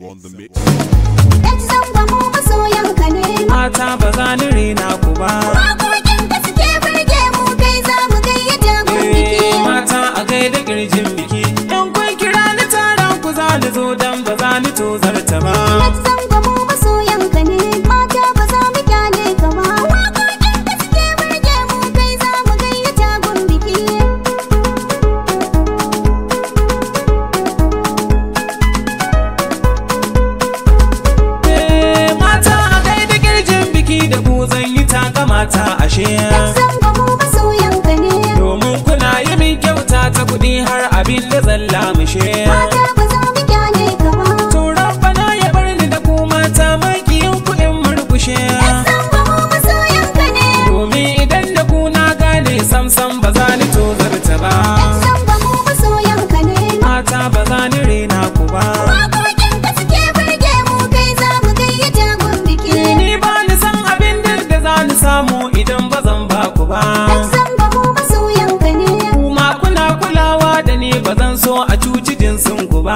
Zango on the mix. Mata ba na ni ba. hasashe domin kuna yi min kyauta ta kuɗi har abin da zalla mushe cikin sunku ba.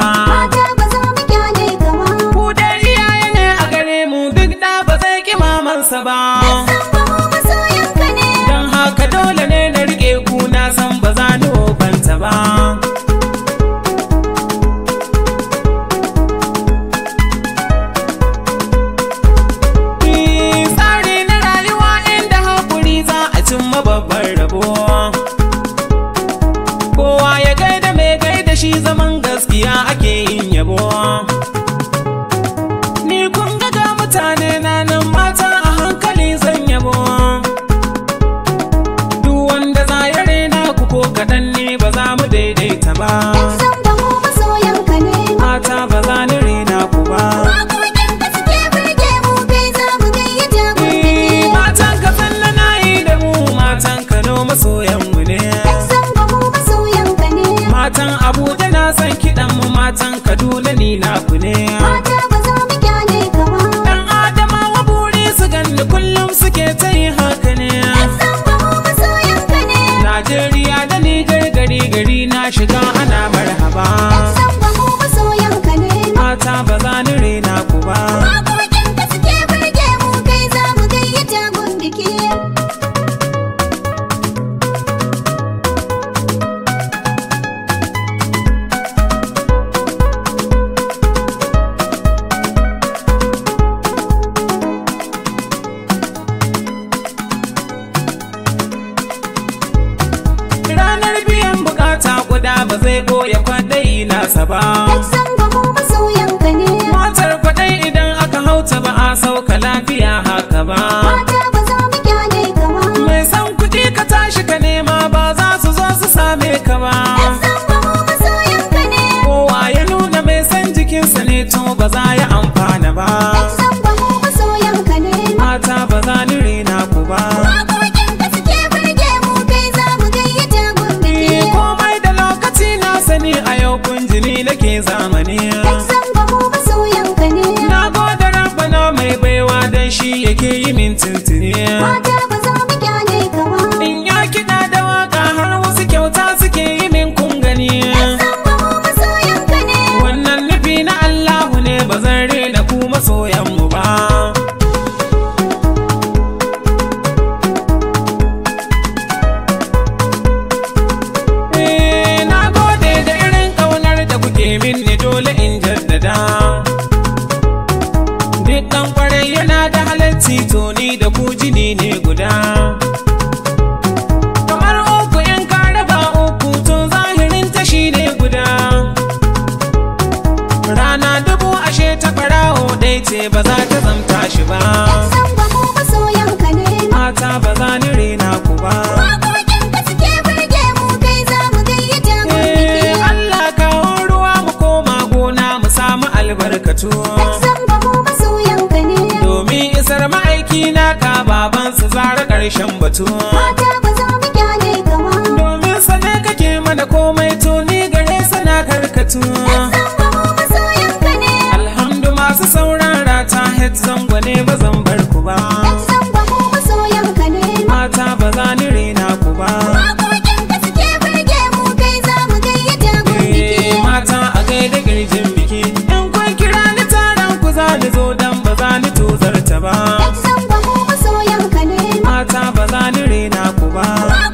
ba za mu kyale gaba. Ku da iyaye ne a gare mu duk da ba zai ki mamansa ba. matan Kaduna ni na ku ne. Mata ba za mu kyale ka ba. adama Adamawa buri su ganni kullum suke ta yi haka ne. san ba mu masoyan ka ne. Najeriya da ni gari gari na shiga goya kwaɗayi nasa ba. Zan mu ne. Matar kwaɗayi idan aka hauta ba a sauka lafiya haka ba. zamani dole in jaddada dukkan kwarai yana da halarci to ni da ku jini ne guda zato domin isar ma'aiki na ka babansu zara ƙarshen batu domin sana kake mana komai tuni gare sana karkatu alhamdu masu saurara ta het zango ne bazan ba za ni ba. Yan san ba mu masoyan ka ne. Mata ba za ni rena ku ba.